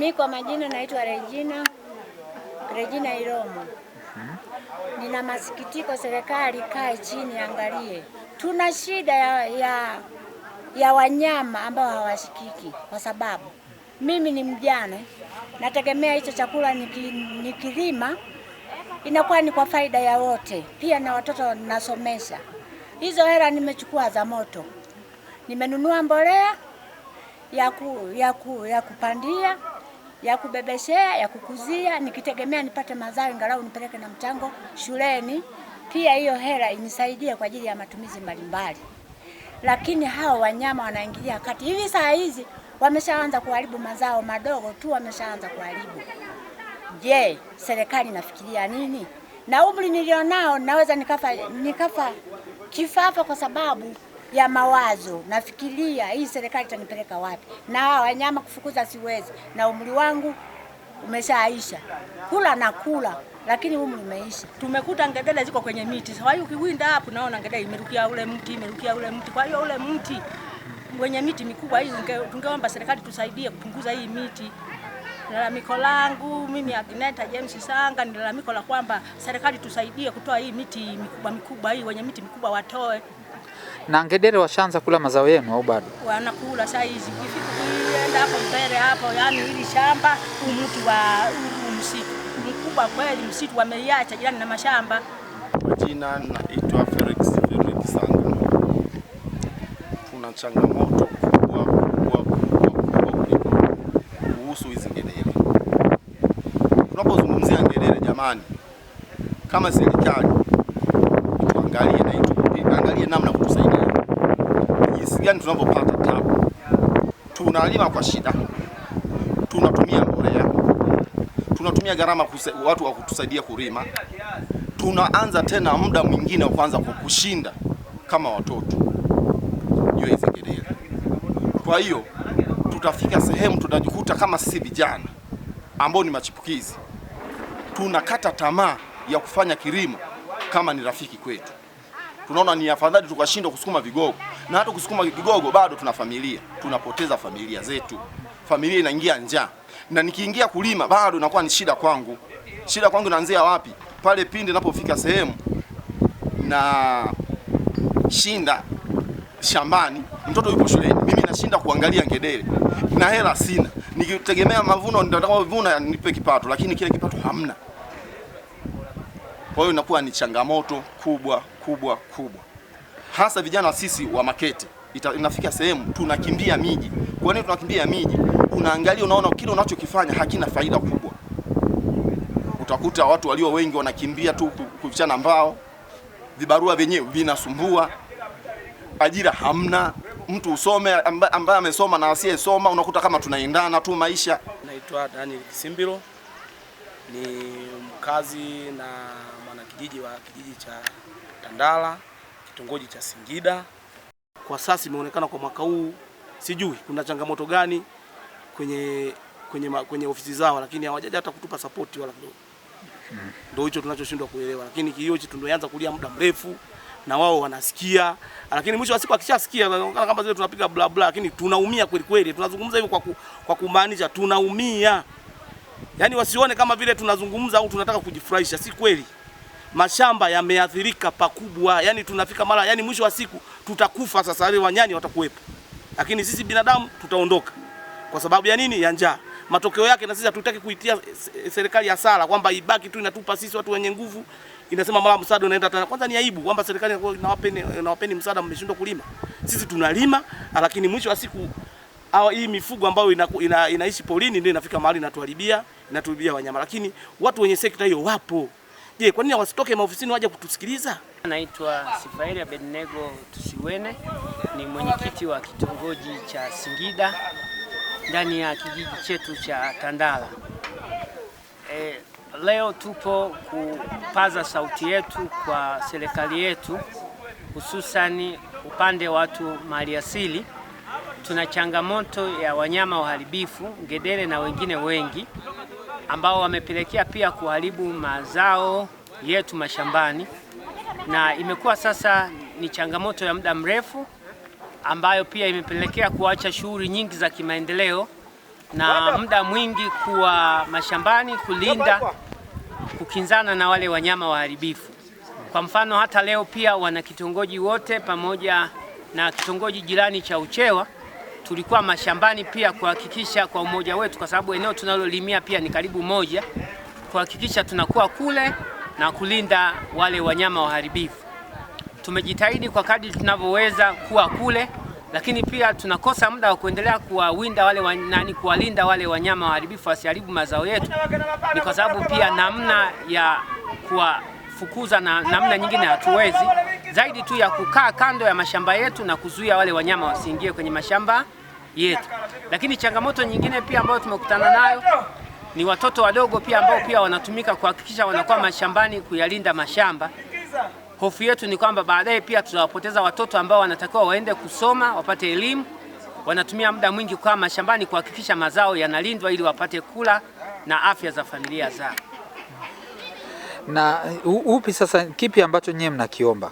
Mi kwa majina naitwa Regina, Regina Iromo. Nina masikitiko, serikali kae chini, angalie, tuna shida ya, ya, ya wanyama ambao hawashikiki, kwa sababu mimi ni mjane, nategemea hicho chakula nikilima, inakuwa ni kwa faida ya wote, pia na watoto nasomesha. Hizo hela nimechukua za moto, nimenunua mbolea ya, ku, ya, ku, ya kupandia ya kubebeshea, ya kukuzia, nikitegemea nipate mazao ingalau nipeleke na mchango shuleni. Pia hiyo hela inisaidie kwa ajili ya matumizi mbalimbali, lakini hao wanyama wanaingilia kati. Hivi saa hizi wameshaanza kuharibu mazao madogo tu, wameshaanza kuharibu. Je, serikali inafikiria nini? Na umri nilionao naweza nikafa, nikafa kifafa kwa sababu ya mawazo, nafikiria hii serikali itanipeleka wapi, na wanyama kufukuza siwezi, na umri wangu umeshaisha, kula na kula lakini umri umeisha. Tumekuta ngedele ziko kwenye miti, sasa hiyo ukiwinda hapo naona ngedele imerukia ule mti, imerukia ule mti. Kwa hiyo ule mti wenye miti mikubwa hii, tungeomba serikali tusaidie kupunguza hii miti. Lalamiko langu mimi Agneta James Sanga ni lalamiko la kwamba serikali tusaidie kutoa hii miti mikubwa mikubwa hii, wenye miti mikubwa watoe. Na ngedere washaanza kula mazao yenu au bado? Wanakula saa hizi. Ukienda hapo mbele hapo, yani hili shamba umuti wa msitu mkubwa kweli, msitu wameiacha jirani na mashamba. Jina naitwa Felix Felix Sanga. Kuna changamoto kubwa kubwa kubwa kuhusu hizi ngedere. Tunapozungumzia ngedere, jamani, kama serikali tuangalie na tuangalie namna kutusaidia jinsi gani tunavyopata tabu. Tunalima kwa shida, tunatumia mbolea, tunatumia gharama watu wa kutusaidia kulima, tunaanza tena muda mwingine wa kuanza kukushinda kama watoto Kwa hiyo tutafika sehemu tunajikuta kama sisi vijana ambao ni machipukizi tunakata tamaa ya kufanya kilimo kama ni rafiki kwetu tunaona ni afadhali tukashindwa kusukuma vigogo, na hata kusukuma kigogo bado tuna familia, tunapoteza familia zetu, familia inaingia njaa, na nikiingia kulima bado inakuwa ni shida kwangu. Shida kwangu inaanzia wapi? Pale pindi napofika sehemu na shinda shambani, mtoto yuko shuleni, mimi nashinda kuangalia ngedere na hela sina, nikitegemea mavuno nitakavyovuna nipe kipato, lakini kile kipato hamna. Kwa hiyo inakuwa ni changamoto kubwa kubwa kubwa, hasa vijana sisi wa Makete. Ita, inafika sehemu tunakimbia miji. Kwa nini tunakimbia miji? Unaangalia unaona kile unachokifanya hakina faida kubwa, utakuta watu walio wengi wanakimbia tu kuvichana mbao, vibarua vyenyewe vinasumbua, ajira hamna. Mtu usome ambaye amesoma na asiyesoma unakuta kama tunaendana tu maisha. Naitwa Daniel Kisimbilo, ni mkazi na wanakijiji wa kijiji cha Tandala kitongoji cha Singida. Kwa sasa imeonekana kwa mwaka huu, sijui kuna changamoto gani kwenye kwenye, kwenye ofisi zao, lakini hawajaja hata kutupa support wala kidogo. Hmm. Ndio hicho tunachoshindwa kuelewa, lakini kilio hicho tunaanza kulia muda mrefu na wao wanasikia, lakini mwisho wa siku akishasikia anaonekana kama zile tunapiga bla bla, lakini tunaumia kweli kweli. Tunazungumza hivyo kwa, ku, kwa kumaanisha tunaumia, yaani wasione kama vile tunazungumza au tunataka kujifurahisha, si kweli mashamba yameathirika pakubwa, yani tunafika mara, yani mwisho wa siku tutakufa. Sasa wale wanyani watakuwepo, lakini sisi binadamu tutaondoka kwa sababu ya nini? Ya njaa. Matokeo yake na sisi hatutaki kuitia serikali ya sala kwamba ibaki tu inatupa sisi watu wenye nguvu, inasema mara msaada unaenda tena. Kwanza ni aibu kwamba serikali inawapeni inawapeni msaada, mmeshindwa kulima. Sisi tunalima, lakini mwisho wa siku au hii mifugo ambayo ina, ina, inaishi porini ndio inafika mahali inatuharibia, inatuharibia wanyama, lakini watu wenye sekta hiyo wapo. Je, kwa nini wasitoke maofisini waje kutusikiliza? Naitwa Sifaeli Abednego Tusiwene, ni mwenyekiti wa kitongoji cha Singida ndani ya kijiji chetu cha Tandala. E, leo tupo kupaza sauti yetu kwa serikali yetu, hususani upande wa watu maliasili. Tuna changamoto ya wanyama waharibifu, ngedere na wengine wengi ambao wamepelekea pia kuharibu mazao yetu mashambani, na imekuwa sasa ni changamoto ya muda mrefu ambayo pia imepelekea kuacha shughuli nyingi za kimaendeleo na muda mwingi kuwa mashambani kulinda, kukinzana na wale wanyama waharibifu. Kwa mfano hata leo pia wana kitongoji wote pamoja na kitongoji jirani cha Uchewa tulikuwa mashambani pia kuhakikisha kwa umoja wetu, kwa sababu eneo tunalolimia pia ni karibu moja, kuhakikisha tunakuwa kule na kulinda wale wanyama waharibifu. Tumejitahidi kwa kadri tunavyoweza kuwa kule, lakini pia tunakosa muda wa kuendelea kuwawinda wale nani kuwalinda wale wanyama waharibifu wasiharibu mazao yetu, ni kwa sababu pia namna ya kuwafukuza na namna nyingine hatuwezi zaidi tu ya kukaa kando ya mashamba yetu na kuzuia wale wanyama wasiingie kwenye mashamba yetu. Lakini changamoto nyingine pia ambayo tumekutana nayo ni watoto wadogo pia ambao pia wanatumika kuhakikisha wanakuwa mashambani kuyalinda mashamba. Hofu yetu ni kwamba baadaye pia tutawapoteza watoto ambao wanatakiwa waende kusoma, wapate elimu, wanatumia muda mwingi kwa mashambani kuhakikisha mazao yanalindwa ili wapate kula na afya za familia zao. Na upi sasa, kipi ambacho nyewe mnakiomba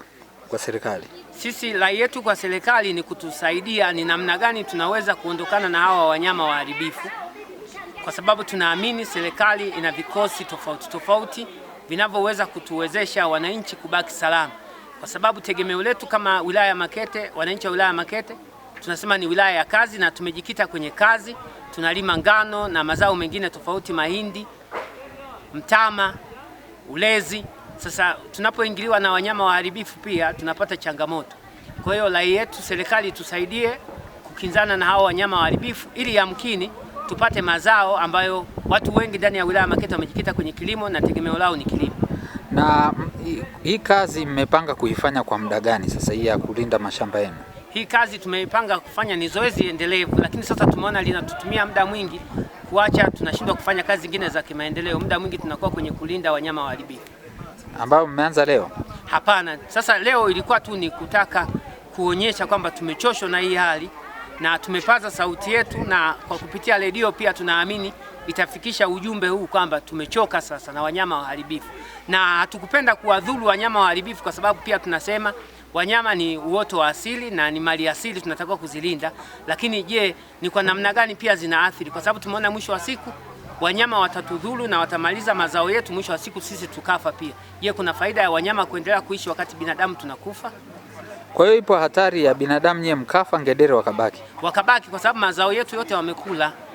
kwa serikali? Sisi rai yetu kwa serikali ni kutusaidia ni namna gani tunaweza kuondokana na hawa wanyama waharibifu, kwa sababu tunaamini serikali ina vikosi tofauti tofauti vinavyoweza kutuwezesha wananchi kubaki salama, kwa sababu tegemeo letu kama wilaya ya Makete, wananchi wa wilaya ya Makete tunasema ni wilaya ya kazi, na tumejikita kwenye kazi. Tunalima ngano na mazao mengine tofauti, mahindi, mtama, ulezi. Sasa tunapoingiliwa na wanyama waharibifu pia tunapata changamoto. Kwa hiyo rai yetu serikali tusaidie kukinzana na hao wanyama waharibifu ili yamkini tupate mazao ambayo watu wengi ndani ya wilaya ya Makete wamejikita kwenye kilimo na tegemeo lao ni kilimo. Na hii kazi mmepanga kuifanya kwa muda gani sasa hii ya kulinda mashamba yenu? Hii kazi tumeipanga kufanya ni zoezi endelevu, lakini sasa tumeona linatutumia muda mwingi kuacha, tunashindwa kufanya kazi zingine za kimaendeleo. Muda mwingi tunakuwa kwenye kulinda wanyama waharibifu ambayo mmeanza leo? Hapana, sasa leo ilikuwa tu ni kutaka kuonyesha kwamba tumechoshwa na hii hali na tumepaza sauti yetu, na kwa kupitia redio pia tunaamini itafikisha ujumbe huu kwamba tumechoka sasa na wanyama waharibifu, na hatukupenda kuwadhuru wanyama waharibifu, kwa sababu pia tunasema wanyama ni uoto wa asili na ni mali asili, tunatakiwa kuzilinda. Lakini je, ni kwa namna gani pia zinaathiri? Kwa sababu tumeona mwisho wa siku wanyama watatudhuru na watamaliza mazao yetu, mwisho wa siku sisi tukafa pia. Je, kuna faida ya wanyama kuendelea kuishi wakati binadamu tunakufa? Kwa hiyo ipo hatari ya binadamu nyie mkafa, ngedere wakabaki wakabaki, kwa sababu mazao yetu yote wamekula.